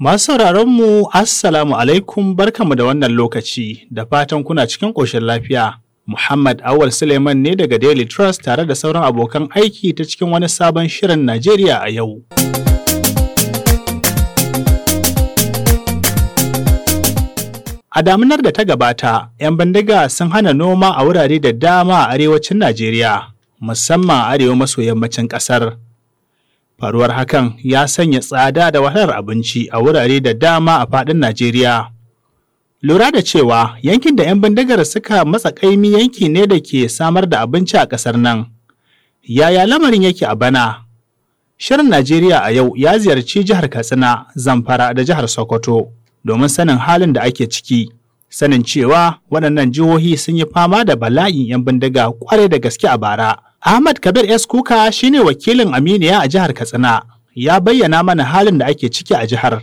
Masu sauraronmu, Assalamu alaikum barkanmu da wannan lokaci da fatan kuna cikin ƙoshin lafiya. Muhammad Awal Suleiman ne daga Daily Trust tare da sauran abokan aiki ta cikin wani sabon shirin Najeriya a yau. A damunar da ta gabata, 'yan bandiga sun hana noma a wurare da dama a arewacin Najeriya, musamman a arewa maso yammacin ƙasar. Faruwar hakan ya sanya tsada da wahalar abinci a wurare da dama a faɗin Najeriya. Lura da cewa yankin da 'yan bindigar suka matsa ƙaimi yanki ne da ke samar da abinci a ƙasar nan. Yaya lamarin yake a bana? Shirin Najeriya a yau ya ziyarci jihar Katsina, Zamfara da jihar Sokoto domin sanin halin da ake ciki. sanin cewa waɗannan jihohi sun yi fama da bala'in 'yan bindiga kwarai da gaske a bara. Ahmad Kabir S. Kuka shine wakilin Aminiya a jihar Katsina ya bayyana mana halin da ake ciki a jihar.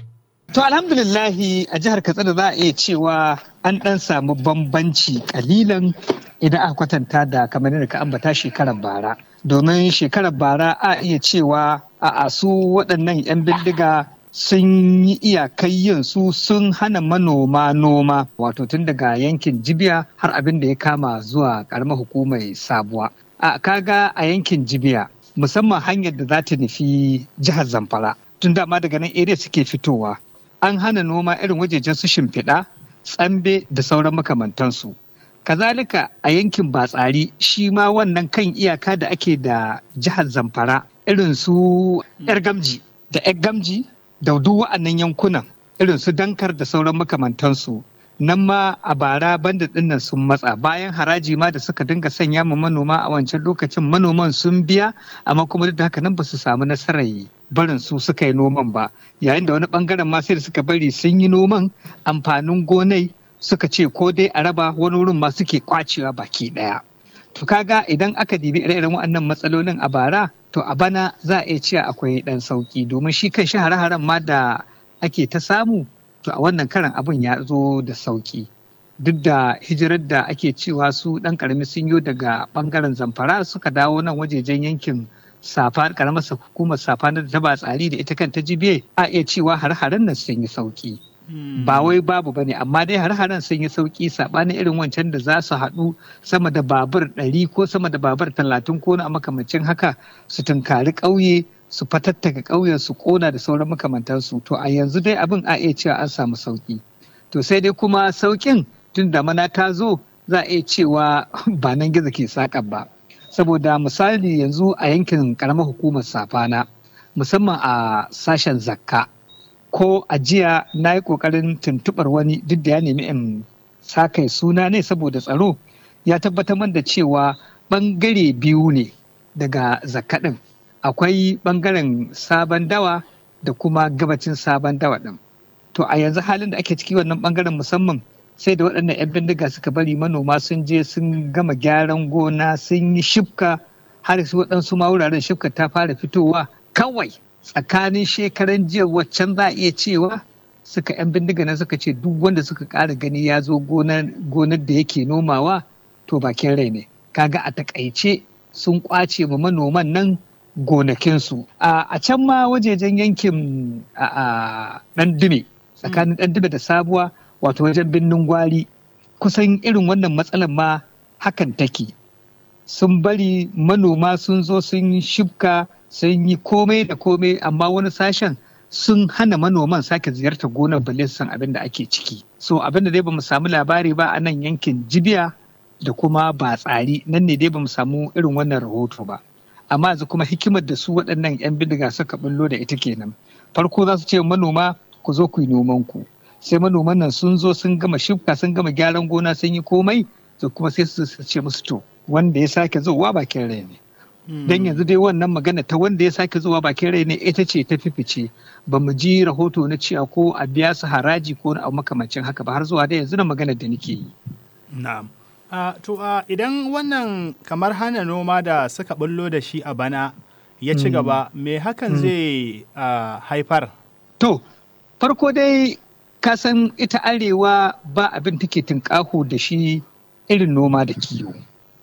To alhamdulillahi a jihar Katsina za a iya cewa an ɗan samu bambanci kalilan idan aka kwatanta da kamar yadda ka ambata shekarar bara. Domin shekarar bara a iya cewa a asu waɗannan 'yan bindiga sun yi iyakai yin su sun hana manoma noma wato tun daga yankin jibiya har abin da ya kama zuwa karamar hukumar sabuwa a kaga a yankin jibiya musamman hanyar da za ta nufi jihar zamfara tun dama daga nan area suke fitowa an hana noma irin wajejen su shimfiɗa tsambe da sauran makamantansu kazalika a yankin batsari shi ma wannan kan iyaka da ake da jihar zamfara irin su yar gamji da yar gamji da duk wa'annan yankunan irin su dankar da sauran makamantansu nan ma a bara banda dinnan sun matsa bayan haraji ma da suka dinga sanya ma manoma a wancan lokacin manoman sun biya amma kuma duk da haka nan ba su samu nasarar yi barin su suka yi noman ba yayin da wani bangaren ma sai da suka bari sun yi noman amfanin gonai suka ce ko dai a raba wani wurin ma suke kwacewa baki daya to kaga idan aka dibi ire-iren waɗannan matsalolin a bara to a bana za a iya cewa akwai ɗan sauki domin shi kan shi hare-haren ma da ake ta samu to a wannan karan abin ya zo da sauki duk da hijirar da ake cewa su ɗan karami sun yi daga ɓangaren zamfara suka dawo nan wajejen yankin safa karamar hukumar safa na da ba tsari da ita kan ta jibiye a iya cewa hare haren nan sun yi sauki Hmm. ba wai babu bane amma dai har-haren sun yi sauki sabanin irin wancan da za su haɗu sama da babur ɗari ko sama da babur talatin ko a makamancin haka su tunkari ƙauye su fatattaka ƙauyen su ƙona da sauran makamantansu to a yanzu dai abin a iya cewa an samu sauki to sai dai kuma sauƙin tun da mana ta zo za a iya cewa ba nan gizo ke saƙan ba saboda misali yanzu a yankin ƙaramar hukumar safana musamman a sashen zakka ko a jiya na yi ƙoƙarin tuntuɓar wani duk da ya nemi in sa kai suna ne saboda tsaro ya tabbatar man da cewa ɓangare biyu ne daga zakaɗin akwai ɓangaren sabon dawa da kuma gabacin sabon dawa ɗin to a yanzu halin da ake ciki wannan ɓangaren musamman sai da waɗannan 'yan bindiga suka bari manoma sun je sun gama gyaran gona sun yi shifka har su waɗansu ma wuraren shifka ta fara fitowa kawai tsakanin shekaran jiya waccan za a iya cewa suka 'yan bindiga na suka ce duk wanda suka kara gani ya zo gonar da yake nomawa to bakin rai ne kaga a takaice sun kwace ma manoman nan gonakinsu a can ma wajejen yankin dan dume tsakanin dan mm. dume da sabuwa wato wajen birnin gwari kusan irin wannan matsalar ma hakan take sun bari manoma sun zo sun shibka sun yi komai da komai amma wani sashen sun hana manoman sake ziyartar gonar balle san abin da ake ciki so abin da dai bamu samu labari ba a nan yankin jibiya da kuma ba tsari nan ne dai bamu samu irin wannan rahoto ba amma yanzu kuma hikimar da su waɗannan 'yan bindiga suka bullo da ita kenan farko za su ce manoma ku zo ku yi noman ku sai manoman nan sun zo sun gama shifka sun gama gyaran gona sun yi komai to kuma sai su ce musu to wanda ya sake wa bakin rai ne don yanzu dai wannan magana ta wanda ya sake zuwa bakin rai ne ita ce ta fice-fice ba mu ji rahoto na cewa ko a biya su haraji ko na makamancin haka ba har zuwa da yanzu na magana da nake yi na'am to idan wannan kamar hana noma da suka bullo da shi a bana ya ci mm. gaba me hakan mm. zai haifar to farko dai ka san ita arewa ba abin take tunƙaho da shi irin noma da kiwo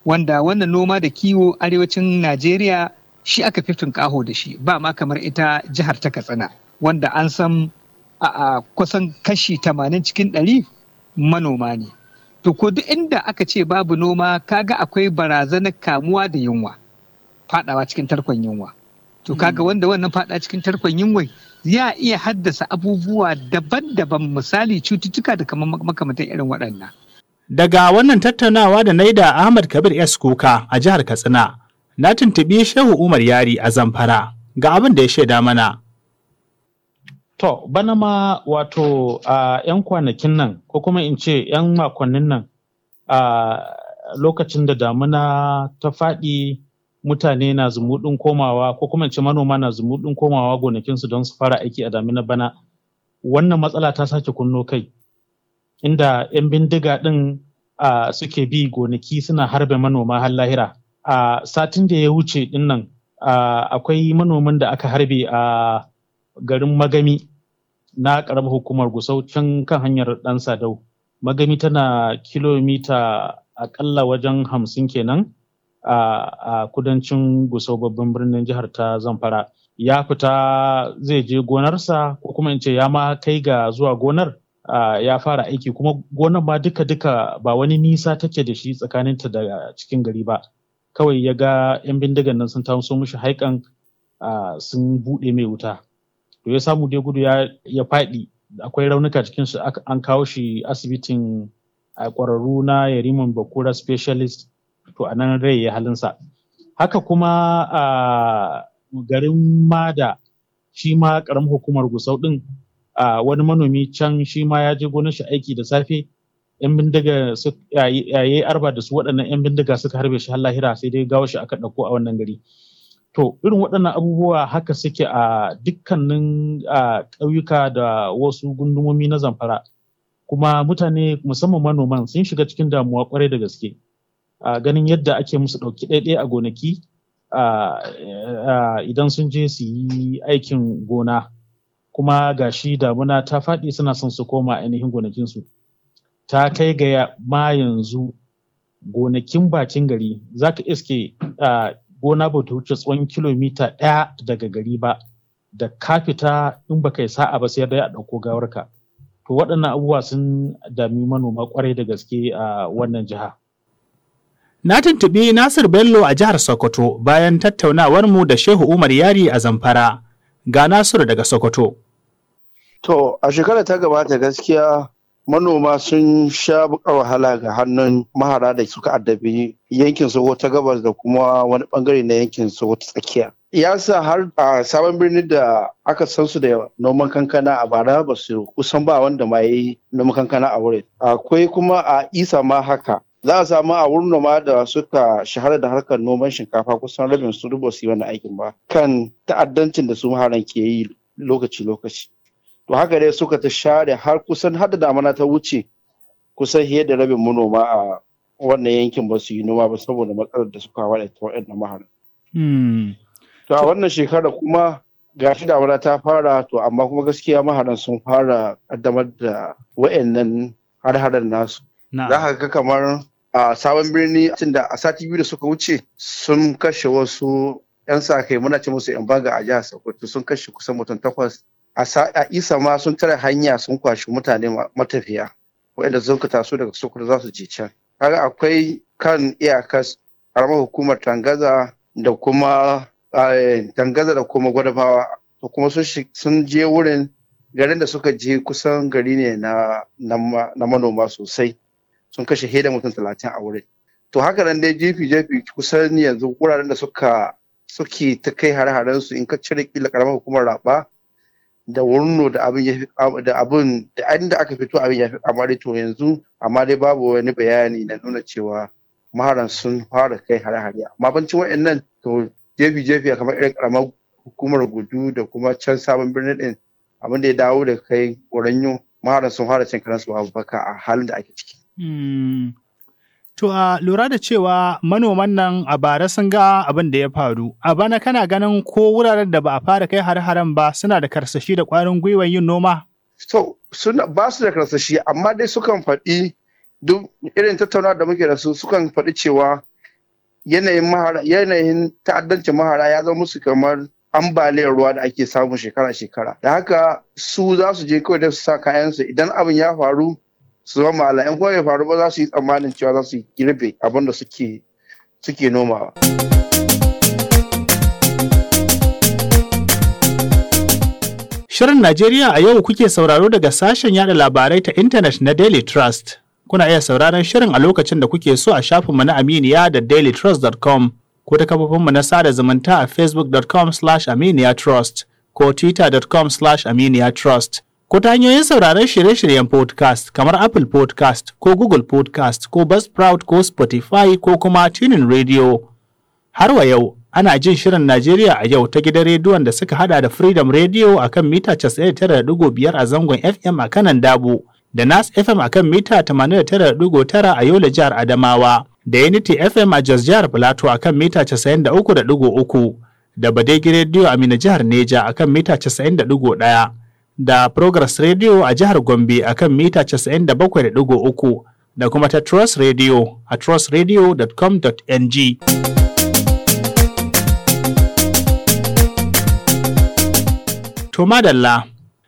wanda wannan noma da kiwo arewacin najeriya shi aka fi tunƙaho da shi ba ma kamar ita jihar ta katsina wanda an san a kusan kashi 80 cikin 100 manoma ne to ko duk inda aka ce babu noma kaga akwai barazanar kamuwa da yunwa fadawa cikin tarkon yunwa to kaga hmm. wanda wannan fada cikin tarkon yunwa ya iya haddasa abubuwa daban-daban misali cututtuka da kamar makamantan irin waɗannan Daga wannan tattaunawa da na da Ahmad Kabir S. Kuka a jihar Katsina, na tuntuɓi Shehu Umar Yari a Zamfara ga abin da ya shaida mana. To, bana ma wato a ‘yan kwanakin nan, ko kuma in ce ‘yan makonnin nan a lokacin da damuna ta faɗi mutane na zumuɗin komawa ko kuma in ce manoma na zumuɗin komawa gonakinsu don su fara aiki a damina bana. Wannan matsala ta sake kunno kai. inda 'yan bindiga ɗin suke bi gonaki suna harbe manoma har lahira a satin da ya wuce dinnan uh, akwai manomin da aka harbe a garin magami na ƙaramar hukumar gusau can kan hanyar ɗan sadau magami tana kilomita akalla wajen hamsin kenan a kudancin gusau babban birnin jihar ta zamfara ya fita zai je gonarsa ko kuma in ce ya ma kai ga zuwa gonar ya fara aiki kuma gonan ma duka-duka ba wani nisa take da shi tsakaninta da cikin gari ba kawai ya ga 'yan bindigan nan sun taso mishi haikan sun buɗe mai wuta to ya samu dai gudu ya faɗi akwai raunuka cikin su an kawo shi asibitin ƙwararru na yariman bakura specialist to a nan rai ya halinsa haka kuma a garin mada shi ma ƙaramin hukumar gusau ɗin a wani manomi can shi ma ya je gonar shi aiki da safe yan bindiga su yayi arba da su waɗannan yan bindiga suka harbe shi har lahira sai dai gawo shi aka ɗauko a wannan gari to irin waɗannan abubuwa haka suke a dukkanin ƙauyuka da wasu gundumomi na zamfara kuma mutane musamman manoman sun shiga cikin damuwa kwarai da gaske a ganin yadda ake musu ɗauki ɗaiɗai a gonaki idan sun je su yi aikin gona kuma ga shi damuna ta faɗi suna son su koma ainihin gonakinsu ta kai ga ma yanzu gonakin bakin gari za ka iske gona ba wuce tsawon kilomita ɗaya daga gari ba da ka fita in ba kai sa'a ba sai dai a ɗauko gawarka to waɗannan abubuwa sun dami manoma kwarai da gaske a wannan jiha. Na tuntuɓi Nasir Bello a jihar Sokoto bayan tattaunawar mu da Shehu Umar Yari a Zamfara. Ga Nasiru daga Sokoto. To, a shekarar ta gabata gaskiya manoma sun sha wahala ga hannun mahara da suka addabi yankin Sokoto ta gabas da kuma wani bangare na yankin Sokoto ta tsakiya. Ya sa har a sabon birnin da aka san su da noman kankana a bara ba su kusan ba wanda ma yi noman kankana a wurin. Akwai kuma a isa ma haka. Za a samu a wurin noma da suka shahara da harkar noman shinkafa kusan rabin su rubo su yi wani aikin ba kan ta'addancin da su maharan ke yi lokaci-lokaci. to haka dai suka ta share har kusan hada da damana ta wuce kusan fiye da rabin manoma a wannan yankin ba su yi noma ba saboda matsalar da suka hawa ta wa'in na mahal. Hmm. To a wannan shekara kuma ga shi damana ta fara to amma kuma gaskiya maharan sun fara kaddamar da nan har nasu. Za ka ga kamar a sabon birni da a sati biyu da suka wuce sun kashe wasu 'yan sa kai muna ce musu 'yan baga a jihar Sokoto sun kashe kusan mutum takwas a isa ma sun tare hanya sun kwashi mutane matafiya waɗanda sun ka taso daga sokoto za su je can kaga akwai kan iyakar karamar hukumar tangaza da kuma eh, tangaza da kuma gwadabawa da kuma sun je wurin garin da suka je kusan gari ne na manoma sosai sun kashe heda mutum talatin a wurin to haka nan dai jefi jefi kusan yanzu wuraren da suka suke ta kai hare-haren su in ka cire kila karamar hukumar raba da wurno da abin da abin da inda aka fito abin ya fi dai to yanzu amma dai babu wani bayani na nuna cewa maharan sun fara kai hare-hare amma bancin wayannan to jefi-jefi kamar irin karamar hukumar gudu da kuma can sabon birnin din abin da ya dawo da kai oranyo maharan sun fara cin karansu babu baka a halin da ake ciki. Hmm. To a lura da cewa manoman nan a bara sun ga abin da ya faru, a bana kana ganin ko wuraren da ba a fara kai har-haren ba suna da karsashi da ƙwarin gwiwar yin noma? So, suna ba su da karsashi amma dai sukan faɗi duk irin tattauna da muke da su sukan faɗi cewa yanayin mahara yanayin ta'addancin mahara ya zama musu kamar ambaliyar ruwa da ake samu shekara-shekara. Da haka su za su je kawai da su sa kayansu idan abin ya faru su zama ala in kuma faru ba za su yi tsammanin cewa za su girbe abin da suke suke nomawa. Shirin Najeriya a yau kuke sauraro daga sashen yada labarai ta intanet na Daily Trust. Kuna iya sauraron shirin a lokacin da kuke so a shafinmu na Aminiya da dailytrust.com ko ta kafofinmu na sada zumunta a facebook.com/aminiya trust ko twitter.com/aminiya trust. ko ta hanyoyin sauraron shirye-shiryen podcast kamar Apple podcast ko Google podcast ko Buzzsprout ko Spotify ko kuma Tunin Radio. Har wa yau, ana jin shirin Najeriya a yau ta gidan rediyon da suka hada da Freedom Radio a kan mita 99.5 a zangon FM a kanan Dabo, da Nas FM a kan mita 89.9 a Yola jihar Adamawa, da Unity FM a Jos jihar Plateau a kan mita 93.3, da Badegi Radio a Mina jihar Neja a kan mita 91. da Progress Radio a jihar Gombe a kan mita 97.3 da kuma ta Trust Radio a trustradio.com.ng. To madalla,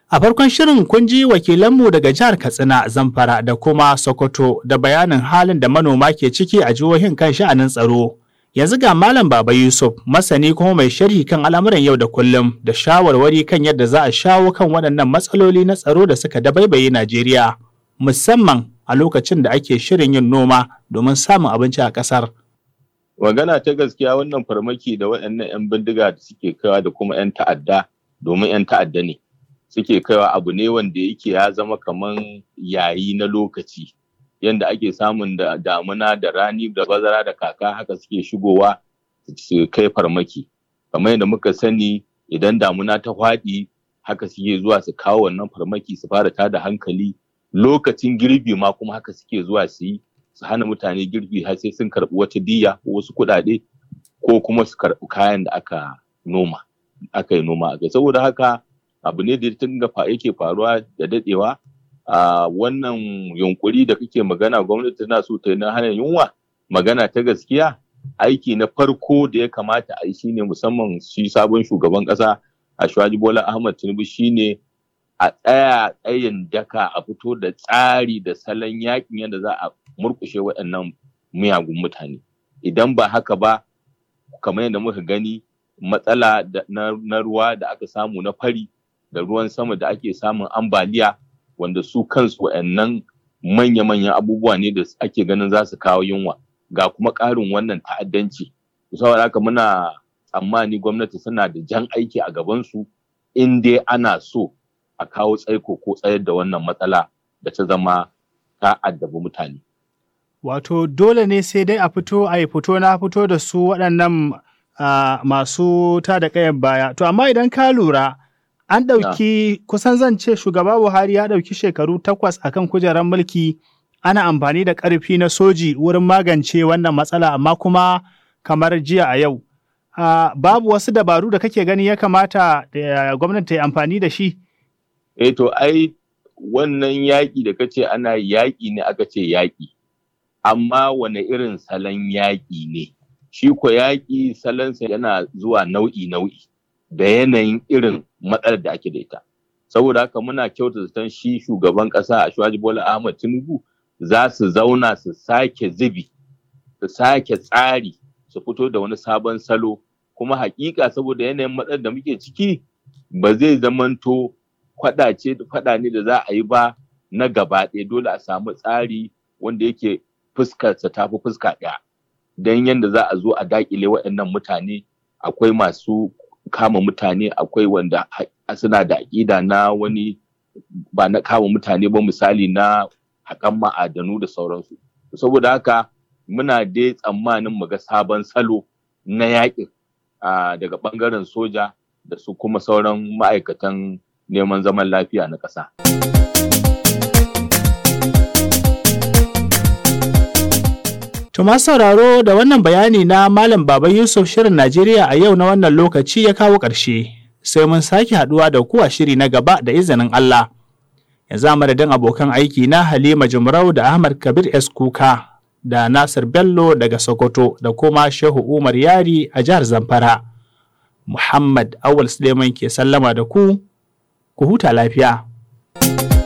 a farkon shirin kun ji wakilanmu daga jihar Katsina, Zamfara da kuma Sokoto da bayanin halin da manoma ke ciki a jihohin kan sha'anin tsaro. Yanzu ga Malam Baba Yusuf, masani kuma mai sharhi kan al'amuran yau da kullum da shawarwari kan yadda za a shawo kan waɗannan matsaloli na tsaro da suka dabaibaye Najeriya, musamman a lokacin da ake shirin yin noma domin samun abinci a ƙasar. Magana ta gaskiya wannan farmaki da waɗannan 'yan bindiga da suke kaiwa da kuma 'yan ta'adda domin 'yan ta'adda ne. Suke kaiwa abu ne wanda yake ya zama kamar yayi na lokaci. yadda ake samun da damuna da rani da bazara da kaka haka suke shigowa su kai farmaki kamar yadda muka sani idan damuna ta faɗi haka suke zuwa su kawo wannan farmaki su fara da hankali lokacin girbi ma kuma haka suke zuwa su yi su hana mutane girbi har sai sun karɓi wata diya ko wasu kuɗaɗe ko kuma su karɓi kayan da aka noma aka yi noma a kai saboda haka abu ne da ya ga yake faruwa da dadewa. a wannan yunkuri da kake magana gwamnati tana so ta yi na hana yunwa magana ta gaskiya aiki na farko da ya kamata a yi shine musamman shi sabon shugaban ƙasa a Shuwaji Bola Ahmad Tinubu shine a tsaya tsayin daka a fito da tsari da salon yakin yadda za a murkushe waɗannan miyagun mutane idan ba haka ba kamar yadda muka gani matsala na ruwa da aka samu na fari da ruwan sama da ake samun ambaliya wanda su kansu wa'annan manya-manyan abubuwa ne da ake ganin za su kawo yunwa ga kuma ƙarin wannan ta'addanci saboda haka muna tsammani gwamnati suna da jan aiki a gabansu in dai ana so a kawo tsaiko ko tsayar da wannan matsala da ta zama ta addabi mutane. Wato dole ne sai dai a fito a fito na fito da su waɗannan ah, masu ta da ƙayan baya. To amma idan ka lura An ɗauki kusan zan ce shugaba Buhari ya ɗauki shekaru takwas a kan kujerar mulki ana amfani da ƙarfi na soji wurin magance wannan matsala amma kuma kamar jiya a yau. Uh, babu wasu dabaru da kake gani ya kamata da uh, gwamnati ta yi amfani da shi? Eh to ai wannan yaƙi da kace ana yaƙi ne aka ce yaƙi, amma wane irin salon yaƙi ne? Shi ko yaƙi salonsa yana zuwa nau'i-nau'i. da yanayin irin matsalar da ake da ita saboda haka muna kyauta zaton shi shugaban ƙasa a shuwaji bola ahmad tinubu za su zauna su sake zubi su sake tsari su fito da wani sabon salo kuma haƙiƙa saboda yanayin matsalar da muke ciki ba zai zamanto kwadace da kwada ne da za a yi ba na gaba ɗaya dole a samu tsari wanda yake fuskarsa ta fi fuska ɗaya don yadda za a zo a daƙile waɗannan mutane akwai masu kama mutane akwai wanda suna da aƙida na wani ba na kama mutane ba misali na haƙan ma'adanu da sauransu saboda haka muna dai tsammanin mu ga sabon salo na yaƙin daga ɓangaren soja da su kuma sauran ma'aikatan neman zaman lafiya na ƙasa. To masu sauraro da wannan bayani na Malam Baba Yusuf Shirin Najeriya a yau na wannan lokaci ya kawo ƙarshe. Sai mun sake haɗuwa da kuwa shiri na gaba da izinin Allah. ya Yanzu madadin abokan aiki na Halima Jumrau da Ahmad Kabir S. Kuka da Nasir Bello daga Sokoto da kuma Shehu Umar Yari a jihar Zamfara. Muhammad Awul Suleiman ke sallama da ku, ku huta lafiya.